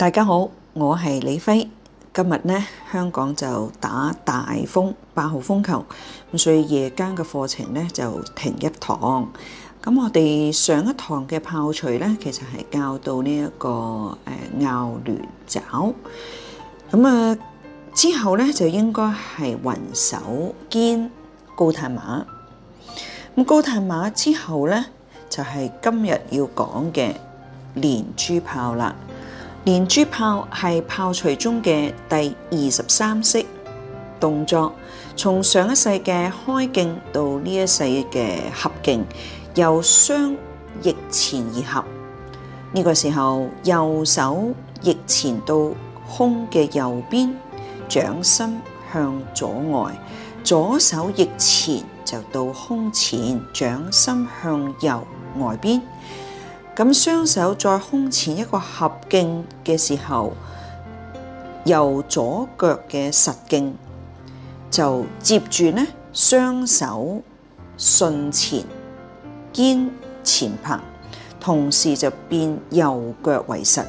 大家好，我係李輝。今日呢香港就打大風八號風球，咁所以夜間嘅課程呢就停一堂。咁我哋上一堂嘅炮捶咧，其實係教到呢、這、一個誒、呃、拗聯爪。咁啊、呃、之後咧就應該係雲手肩高探馬。咁高探馬之後咧就係、是、今日要講嘅連珠炮啦。連珠炮係炮捶中嘅第二十三式動作，從上一世嘅開勁到呢一世嘅合勁，由雙翼前而合。呢個時候右手翼前到胸嘅右邊，掌心向左外；左手翼前就到胸前，掌心向右外邊。咁雙手在胸前一個合勁嘅時候，右左腳嘅實勁就接住呢，雙手順前肩前拍，同時就變右腳為實，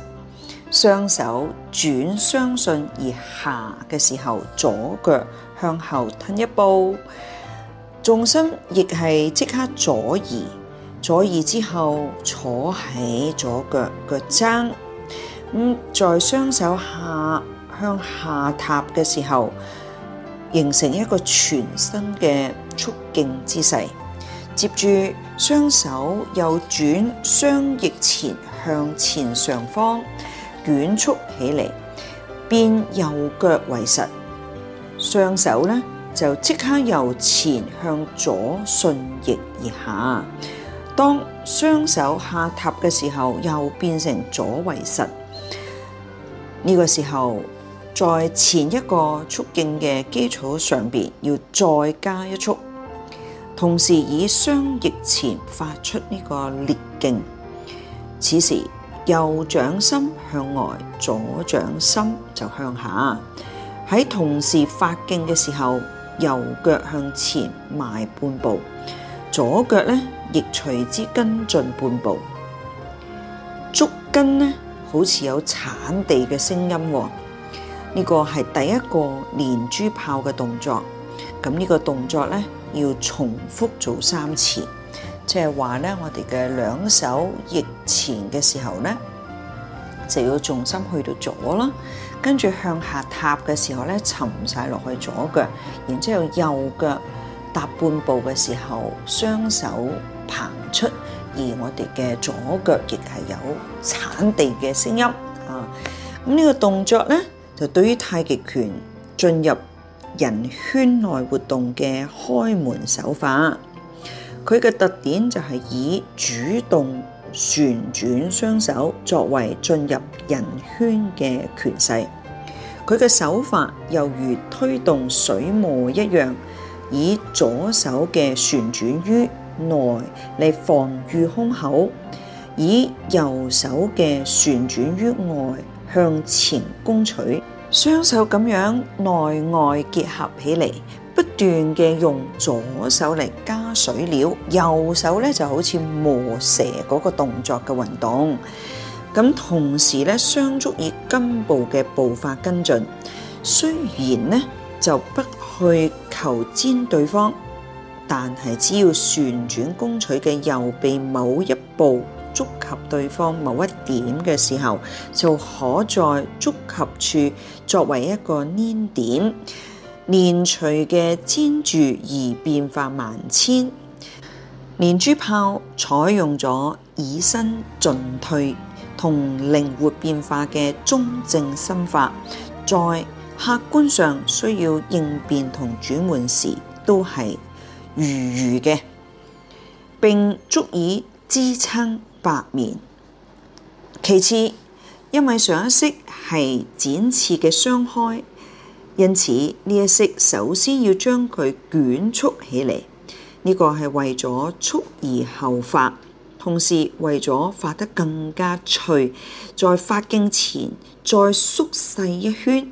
雙手轉雙順而下嘅時候，左腳向後褪一步，重心亦係即刻左移。左耳之後坐喺左腳腳踭，咁、嗯、在雙手下向下踏嘅時候，形成一個全身嘅觸勁姿勢。接住雙手右轉雙翼前向前上方捲縮起嚟，變右腳為實，雙手咧就即刻由前向左順翼而下。當雙手下塌嘅時候，又變成左為實。呢、這個時候，在前一個觸勁嘅基礎上邊，要再加一觸，同時以雙翼前發出呢個裂勁。此時，右掌心向外，左掌心就向下。喺同時發勁嘅時候，右腳向前邁半步，左腳呢。亦隨之跟進半步，足跟咧好似有鏟地嘅聲音、哦。呢、呢個係第一個連珠炮嘅動作，咁、這、呢個動作咧要重複做三次，即係話咧我哋嘅兩手逆前嘅時候咧就要重心去到左啦，跟住向下踏嘅時候咧沉晒落去左腳，然之後右腳踏半步嘅時候，雙手。行出，而我哋嘅左腳亦係有鏟地嘅聲音啊！咁呢個動作呢，就對於太極拳進入人圈內活動嘅開門手法，佢嘅特點就係以主動旋轉雙手作為進入人圈嘅權勢。佢嘅手法又如推動水磨一樣，以左手嘅旋轉於。內嚟防禦胸口，以右手嘅旋轉於外向前攻取，雙手咁樣內外結合起嚟，不斷嘅用左手嚟加水料，右手咧就好似磨蛇嗰個動作嘅運動。咁同時咧，雙足以跟步嘅步伐跟進，雖然咧就不去求殲對方。但係，只要旋轉攻取嘅右臂某一步觸及對方某一點嘅時候，就可在觸及處作為一個黏點連隨嘅粘住而變化萬千。連珠炮採用咗以身進退同靈活變化嘅中正心法，在客觀上需要應變同轉換時，都係。如魚嘅，並足以支撐百面。其次，因為上一式係剪切嘅雙開，因此呢一式首先要將佢捲縮起嚟。呢個係為咗速而後發，同時為咗發得更加脆，在發勁前再縮細一圈，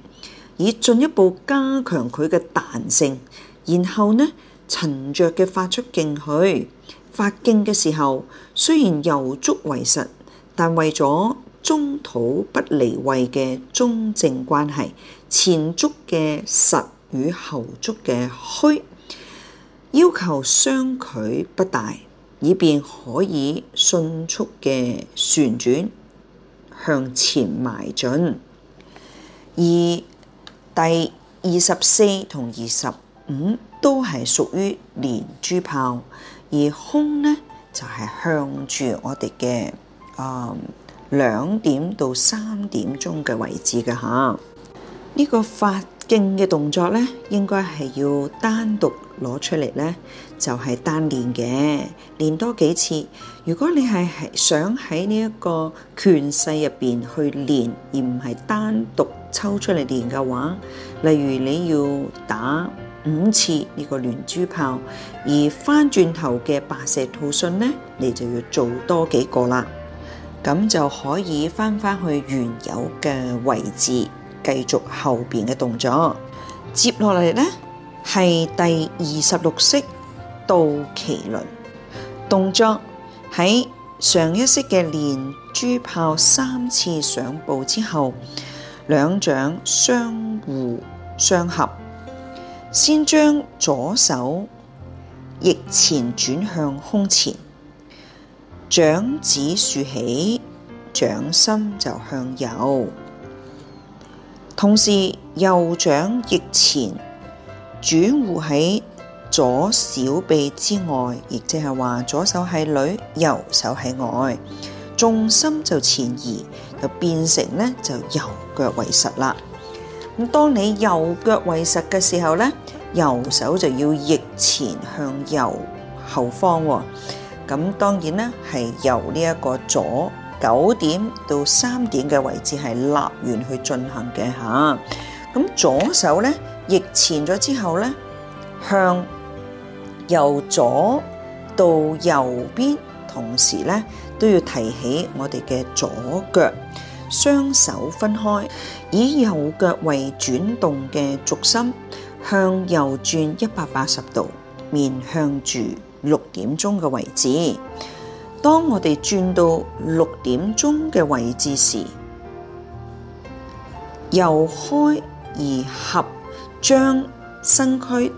以進一步加強佢嘅彈性。然後呢？沉着嘅發出勁，去發勁嘅時候，雖然右足為實，但為咗中土不離位嘅中正關係，前足嘅實與後足嘅虛，要求相距不大，以便可以迅速嘅旋轉向前邁進。而第二十四同二十五。都係屬於連珠炮，而空呢就係向住我哋嘅誒兩點到三點鐘嘅位置嘅吓。呢個發勁嘅動作呢，應該係要單獨攞出嚟呢就係單練嘅，練多幾次。如果你係想喺呢一個拳勢入邊去練，而唔係單獨抽出嚟練嘅話，例如你要打。五次呢個連珠炮，而翻轉頭嘅白蛇吐信呢，你就要做多幾個啦，咁就可以翻返去原有嘅位置，繼續後邊嘅動作。接落嚟呢，係第二十六式倒騎麒麟，動作喺上一式嘅連珠炮三次上步之後，兩掌相互相合。先將左手逆前轉向胸前，掌指豎起，掌心就向右。同時右掌逆前轉護喺左小臂之外，亦即係話左手係裏，右手係外，重心就前移，就變成咧就右腳為實啦。咁當你右腳為實嘅時候咧，右手就要逆前向右後方喎。咁當然咧，係由呢一個左九點到三點嘅位置係立圓去進行嘅嚇。咁左手咧逆前咗之後咧，向右左到右邊，同時咧都要提起我哋嘅左腳。雙手分開，以右腳為轉動嘅軸心，向右轉一百八十度，面向住六點鐘嘅位置。當我哋轉到六點鐘嘅位置時，由開而合，將身軀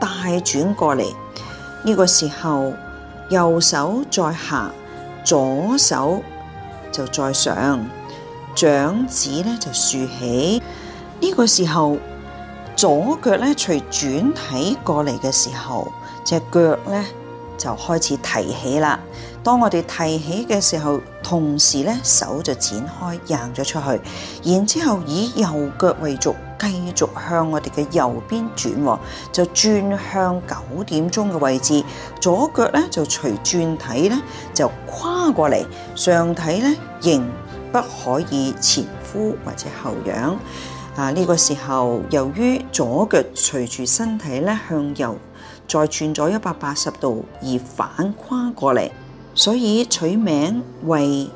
帶轉過嚟。呢個時候，右手再下，左手就再上。掌指咧，就豎起，呢、這個時候左腳咧，隨轉體過嚟嘅時候，隻腳咧，就開始提起啦。當我哋提起嘅時候，同時咧，手就展開掟咗出去，然之後以右腳為軸，繼續向我哋嘅右邊轉，就轉向九點鐘嘅位置。左腳咧，就隨轉體咧，就跨過嚟，上體咧形。仍不可以前呼或者後仰，啊呢、這個時候由於左腳隨住身體咧向右再轉咗一百八十度而反跨過嚟，所以取名為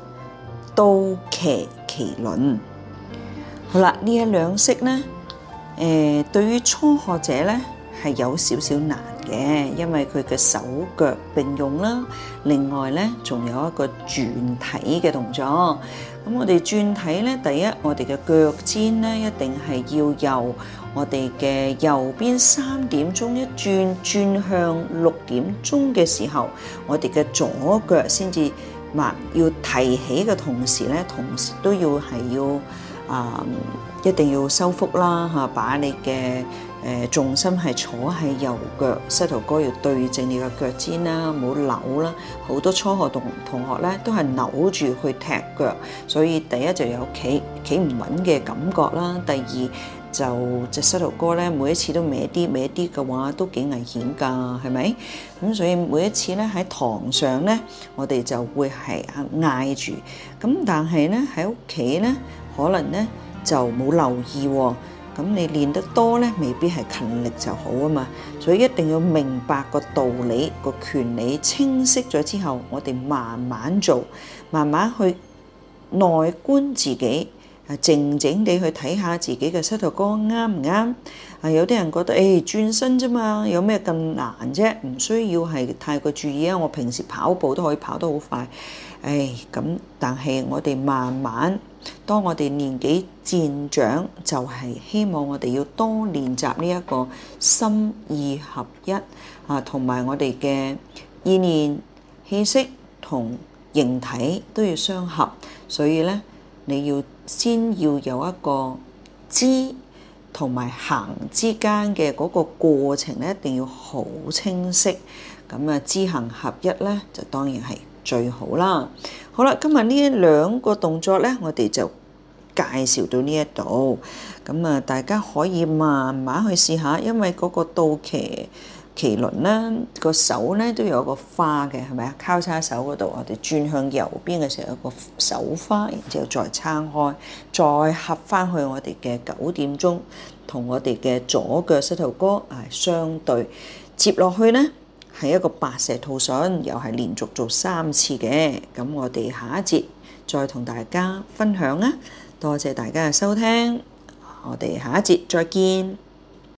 倒騎麒麟。好啦，呢一兩式咧，誒、呃，對於初學者咧係有少少難。嘅，因為佢嘅手腳並用啦。另外呢，仲有一個轉體嘅動作。咁我哋轉體呢，第一，我哋嘅腳尖呢，一定係要由我哋嘅右邊三點鐘一轉轉向六點鐘嘅時候，我哋嘅左腳先至，或要提起嘅同時呢，同時都要係要啊，一定要收腹啦，吓，把你嘅。誒重心係坐喺右腳，膝頭哥要對正你個腳尖啦，冇扭啦。好多初學同同學咧，都係扭住去踢腳，所以第一就有企企唔穩嘅感覺啦。第二就隻膝頭哥咧，每一次都歪啲歪啲嘅話，都幾危險㗎，係咪？咁所以每一次咧，喺堂上咧，我哋就會係啊嗌住。咁但係咧喺屋企咧，可能咧就冇留意喎、哦。咁你練得多咧，未必係勤力就好啊嘛，所以一定要明白個道理、個權利清晰咗之後，我哋慢慢做，慢慢去內觀自己，靜靜地去睇下自己嘅膝頭哥啱唔啱？啊，有啲人覺得誒，轉身啫嘛，有咩咁難啫？唔需要係太過注意啊，我平時跑步都可以跑得好快，誒咁，但係我哋慢慢。當我哋年紀漸長，就係、是、希望我哋要多練習呢一個心意合一啊，同埋我哋嘅意念、氣息同形體都要相合。所以咧，你要先要有一個知同埋行之間嘅嗰個過程咧，一定要好清晰。咁啊，知行合一咧，就當然係。最好啦，好啦，今日呢兩個動作咧，我哋就介紹到呢一度。咁啊，大家可以慢慢去試下，因為嗰個倒騎麒麟啦，個手咧都有個花嘅，係咪啊？交叉手嗰度，我哋轉向右邊嘅時候有個手花，然之後再撐開，再合翻去我哋嘅九點鐘，同我哋嘅左腳膝頭哥啊相對，接落去咧。係一個白蛇吐信，又係連續做三次嘅，咁我哋下一節再同大家分享啊！多謝大家嘅收聽，我哋下一節再見。